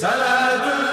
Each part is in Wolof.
salaatu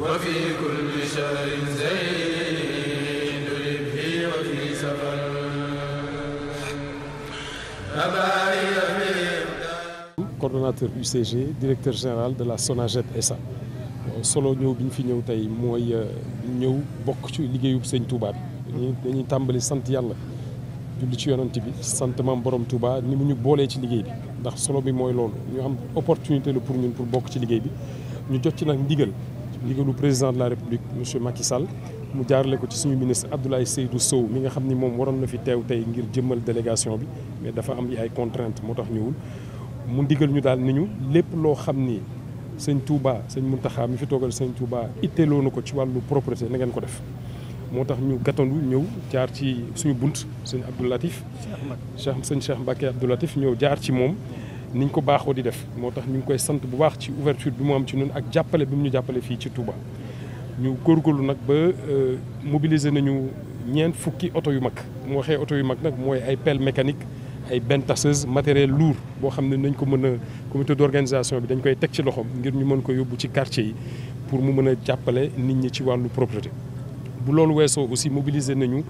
وفي كل شهر زين لبهي وفي سفر coordonnateur UCG directeur général de la SONAGED SA euh, solo ñëw bi ñu fi ñëw tey mooy euh, ñëw bokk ci liggéeyub sëñ Touba bi dañuy tàmbali sant yàlla julli ci yonant bi sant maam borom Touba ni mu ñu boolee ci liggéey bi ndax solo bi mooy loolu ñu am opportunité la pour ñun pour bokk ci liggéey bi ñu jot ci nag ndigal ndigalu président de la république monsieur Macky Sall mu jaarale ko ci suñu ministre Abdoulaye Seydou Sow mi nga xam ni moom waroon na fi teew tey ngir jëmmal délégation bi mais dafa am ay contraintes moo tax ñëwul mu ndigal ñu daal ni ñu lépp loo xam ni sëñ Touba sëñ Mountakha mi fi toogal sëñ Touba itteeloo na ko ci wàllu propreté na ngeen ko def moo tax ñu gàttandu ñëw jaar ci suñu bunt sëñ Abdou Latif. Cheikh Cheikh sëñ Cheikh Mbacké Abdou Latif ñëw jaar ci moom. niñ ko baaxoo di def moo tax ñu ngi koy sant bu baax ci ouverture bi mu am ci ñun ak jàppale bi mu ñu jàppale fii ci Touba. ñu góorgóorlu nag ba euh, mobiliser nañu ñeent fukki oto yu mag mu waxee auto yu mag nag mooy ay pelle mécanique ay benn tasseuses matériel lourd boo xam ne nañ ko mën a comité d'organisation bi dañ koy teg ci loxoom ngir ñu mën ko yóbbu ci quartier yi pour mu mën a jàppale nit ñi ci wàllu propreté bu loolu weesoo aussi mobiliser nañu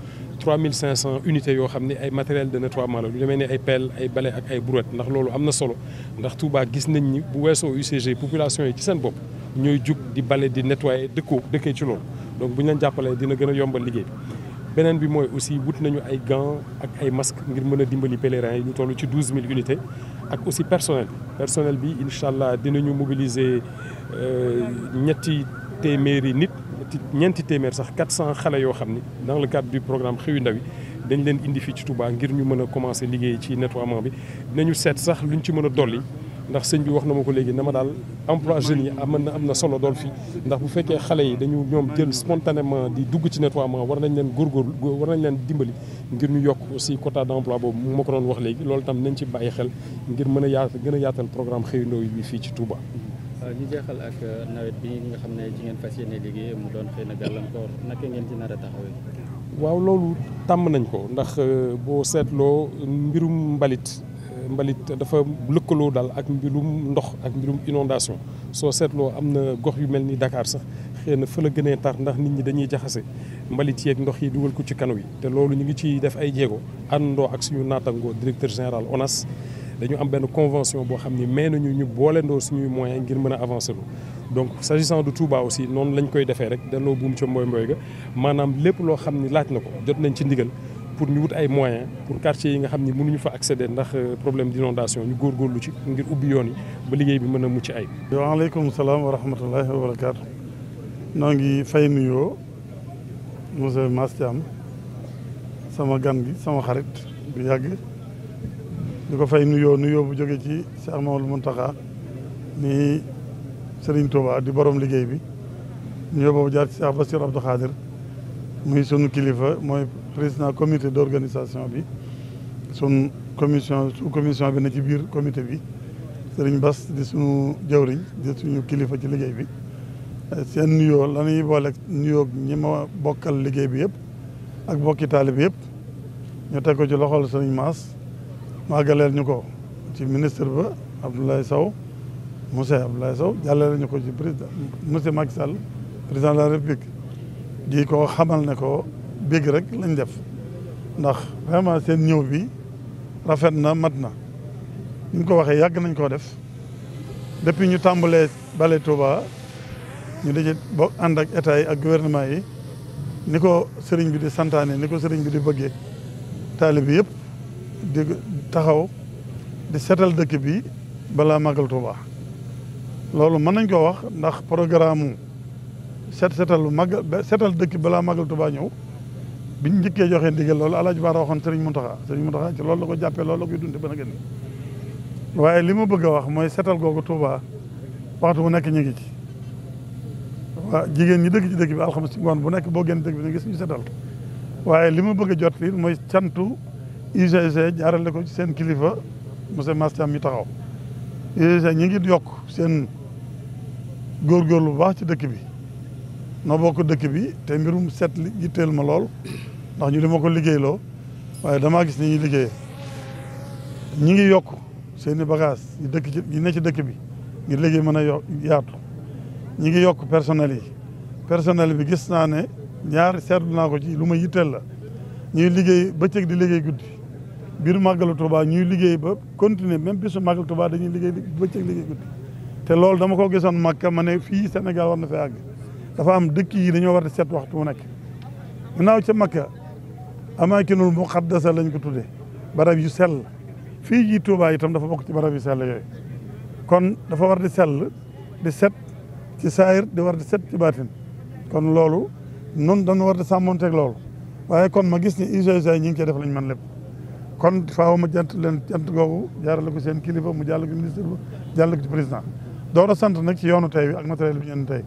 3500 unités yoo xam ne ay matériel de nettoiement la lu demee ne ay pelle ay bale ak ay brouette ndax loolu am na solo ndax Touba gis nañ ñi bu weesoo UCG population yi ci seen bopp ñooy jug di bale di nettoyer dëkkoo dëkkee ci loolu donc bu ñu leen jàppalee dina gën yombal liggéey beneen bi mooy aussi wut nañu ay gants ak ay masques ngir mën a dimbali pèlerins yi ñu toll ci 12000 unités ak aussi personnel personel bi incha allah dinañu mobiliser euh, ñetti téeméeri nit ñetti ñeenti téeméer sax 400 xale yoo xam ni dans le cadre du programme xëyu ndaw yi dañ leen indi fii ci Touba ngir ñu mën a commencer liggéey ci nettoiement bi dinañu seet sax luñ ci mën a dolli ndax sëñ bi wax na ma ko léegi na ma daal emploi jeunes yi am na am na solo dool fii ndax bu fekkee xale yi dañu ñoom jël spontanément di dugg ci nettoiement war nañ leen góorgóorlu war nañ leen dimbali ngir ñu yokk aussi quota d'emploi boobu mu ma ko doon wax léegi loolu tam nañ ci bàyyi xel ngir mën a yaat a yaatal programme xëyu ndaw yi fii ci Euh, ñu jeexal ak euh, nawet bi nga xam ne ci ngeen fas yéene liggéey mu doon xëy na gàllankoor naka ngeen ci nar a waaw loolu tàmm nañ ko ndax euh, boo seetloo mbirum mbalit mbalit dafa lëkkaloo daal ak mbirum ndox ak mbirum inondation soo seetloo am na gox yu mel ni dakaar sax xëy na fa la gënee tar ndax nit ñi dañuy jaxase mbalit yeeg ndox yi dugal ko ci kanu yi te loolu ñu ngi ciy def ay jéego àndandoo ak suñu naatangoo directeur général ONAS. dañu am benn convention boo xam ni may nañu ñu booleendoo suñuy moyens ngir mën a avancer lu donc s'agissant de Touba aussi noonu lañ koy defee rek delloo buum ca mboy mboy ga maanaam lépp loo xam ni laaj na ko jot nañ ci ndigal pour ñu wut ay moyen pour quartier yi nga xam ni mu mënuñu fa accéder ndax euh, problème d'inondation ñu góorgóorlu ci ngir ubbi yoon yi ba liggéey bi mën a mucc ay waaleykum salaam wa rahmatullahi wa barakaatu noo ngi fay nuyoo monsieur Mass Thiam sama gan gi sama xarit bu yàgg di ko fay nuyoo nuyoo bu jóge ci Cheikh Mamadou Mountakha ni sëriñ Touba di borom liggéey bi nuyoo boobu jaar ci Cheikh Bassirou Abdou Khadir muy sunu kilifa mooy président comité d'organisation bi sun commission sous commission bi na ci biir comité bi Serigne Bass di suñu jawriñ di suñu kilifa ci liggéey bi seen nuyoo la ñuy boole ñi ma bokkal liggéey bi yëpp ak bokki taalibe bi yëpp ñu teg ko ci loxol Serigne Mass màggaleel ñu ko ci ministre ba Abdoulaye Sow monsieur Abdoulaye Sow jàllale ñu ko ci président monsieur Macky Sall président de la république di ko xamal ne ko bég rek lañ def ndax vraiment seen ñëw bi rafet na mat na ni ñu ko waxee yàgg nañ koo def depuis ñu tàmbalee bale Touba ñu daje bokk ànd ak état yi ak gouvernement yi ni ko sëriñ bi di santaane ni ko sëriñ bi di bëggee taalibe bi yëpp di taxaw di setal dëkk bi balaa màggal Tuuba loolu mën nañ ko wax ndax programme mu set seetalu màggal seetal dëkk bi balaa màggal Tuuba ñëw biñ njëkkee joxee ndigal loolu Alaaji Baara waxoon Sëriñ Muntaxa Sëriñ Muntaxa ci loolu la ko jàppee loolu la koy dunde ba na gën waaye li ma bëgg a wax mooy seetal googu Tuuba waxtu bu nekk ñu ngi jigéen ñi dëkk ci dëkk bi alxames ci ngoon bu nekk boo génn dëkk bi ñu gis ñu seetal waaye li bëgg jot fii mooy cantu UGC jaarale ko ci seen kilifa monsieur Mastiam mi taxaw UGC ñu ngi yokk seen góor góor lu baax ci dëkk bi noo ko dëkk bi te mbirum set li yitteel ma lool ndax ñu ma ko liggéeyloo waaye dama gis ni ñuy liggéeyee ñi ngi yokk seen bagage dëkk ci ne ci dëkk bi ngir liggéey mën a yo yaatu ñi ngi yokk personnel yi personnel bi gis naa ne ñaar seetlu naa ko ci lu ma yitteel la ñuy liggéey ba bëccëg di liggéey guddi biir màggalu Touba ñuy liggéey ba continuer même bisu màggalu Touba dañuy liggéey bëccëg liggéey guddi te loolu dama ko gisoon Makka ma ne fii Sénégal war na fee àgg dafa am dëkk yi dañoo war a seet waxtu wu nekk ginnaaw ca Makka amaakinul muqaddasa lañ ko tuddee barab yu sel fii ji Touba itam dafa bokk ci barab yu sell yooyu kon dafa war di sell di set ci saayir di war di set ci baatin kon loolu noonu dañu war di teg loolu waaye kon ma gis ne UGC ñi ngi cee def lañ man lépp kon faaw ma jant leen jant googu jaarale ko seen kilifa mu jàll ko ministre ba ko ci président door a sant nag ci yoonu tey bi ak matériel bi ñu indi tey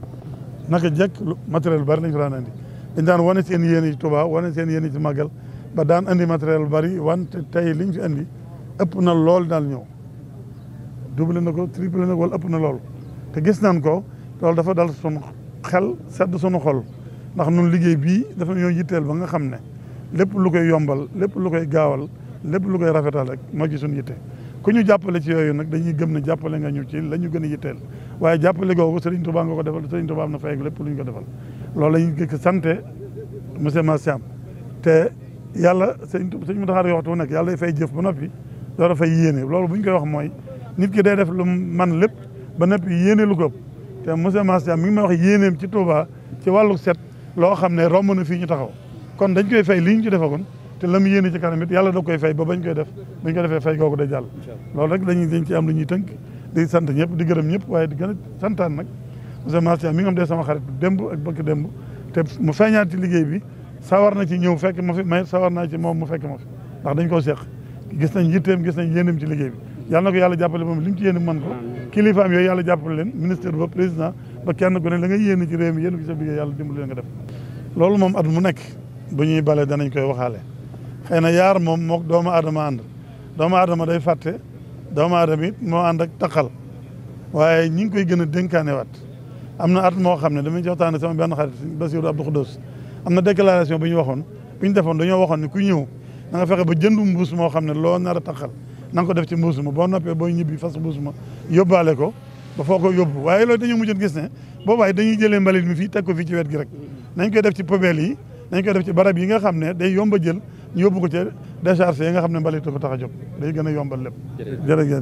naka jekk matériel bari lañu fa daan andi dañ seen yéene ci Touba wane seen yéene ci màggal ba daan andi matériel bari wante tey liñ fi andi ëpp na lool daal ñëw double na ko triple na ko wala ëpp na lool te gis naan ko loolu dafa dal sunu xel sedd sunu xol ndax nun liggéey bii dafa ñoo yitteel ba nga xam ne lépp lu koy yombal lépp lu koy gaawal lépp lu koy rafetal rek moo ci suñu yitte ku ñu jàppale ci yooyu nag dañuy gëm ne jàppale nga ñu ci la ñu gën a yitteel waaye jàppale googu Serigne Touba nga ko defal Serigne loolu la ñu gëkk santé monsieur Massiam te yàlla sëñ sëñ mu taxaar yo waxtu nag yàlla fay jëf ba noppi door yéene loolu bu ñu koy wax mooy nit ki day def lu man lépp ba noppi yéene lu ko ëpp te monsieur Massiam mi ngi may wax yéeneem ci Touba ci wàllu set loo xam ne romb na fii ñu taxaw kon dañ koy fay li ñu ci defagoon te la yéene ci kanam it yàlla da koy fay ba bañ koy def bañ koy defee fay googu day jàll loolu rek lañuy dañ ci am lu ñuy tënk di sant ñëpp di gërëm ñëpp waaye di gën a santaan nag monsieur Martial mi nga xam dee sama xarit démb ci liggéey bi sawar na ci ñëw fekk ma fi may sawar naa ci moom mu fekk ma fi ndax dañ koo seq gis nañ yitteem gis nañ yéeneem ci liggéey bi yàlla na ko yàlla jàppale moom li mu ci yéene man ko kilifaam yooyu yàlla jàppale leen ministère ba président ba kenn ku ne la nga yéene ci réew leen nga def loolu moom at mu nekk bu ñuy balee danañ koy waxaale xëy na yaar moom mook doomu aadama ànd doomu aadama day fàtte doomu aadama it moo and ak taqal waaye ñi ngi koy gën a dénkaane waat am na at moo xam ne dama ci waxtaane sama benn xarit Basiru Abdou Khoudous am na déclaration bu ñu waxoon bu ñu defoon dañoo waxoon ni ku ñëw na nga fexe ba jëndu mbuus moo xam ne loo naara a taqal na nga ko def ci mbuus ma boo noppee boo ñibbi fas mbuus ma yóbbaale ko ba foo ko yóbbu waaye loolu dañoo mujjoon gis ne boobaay dañuy jëlee mbalit mi fii teg ko fii ci wet gi rek nañ koy def ci poubelle yi nañ koy def ci barab yi nga xam ne day yomb jël yóbbu ko ca décharge yi nga xam ne mbalit ko tax a jóg day gën a yombal lépp jërëjëf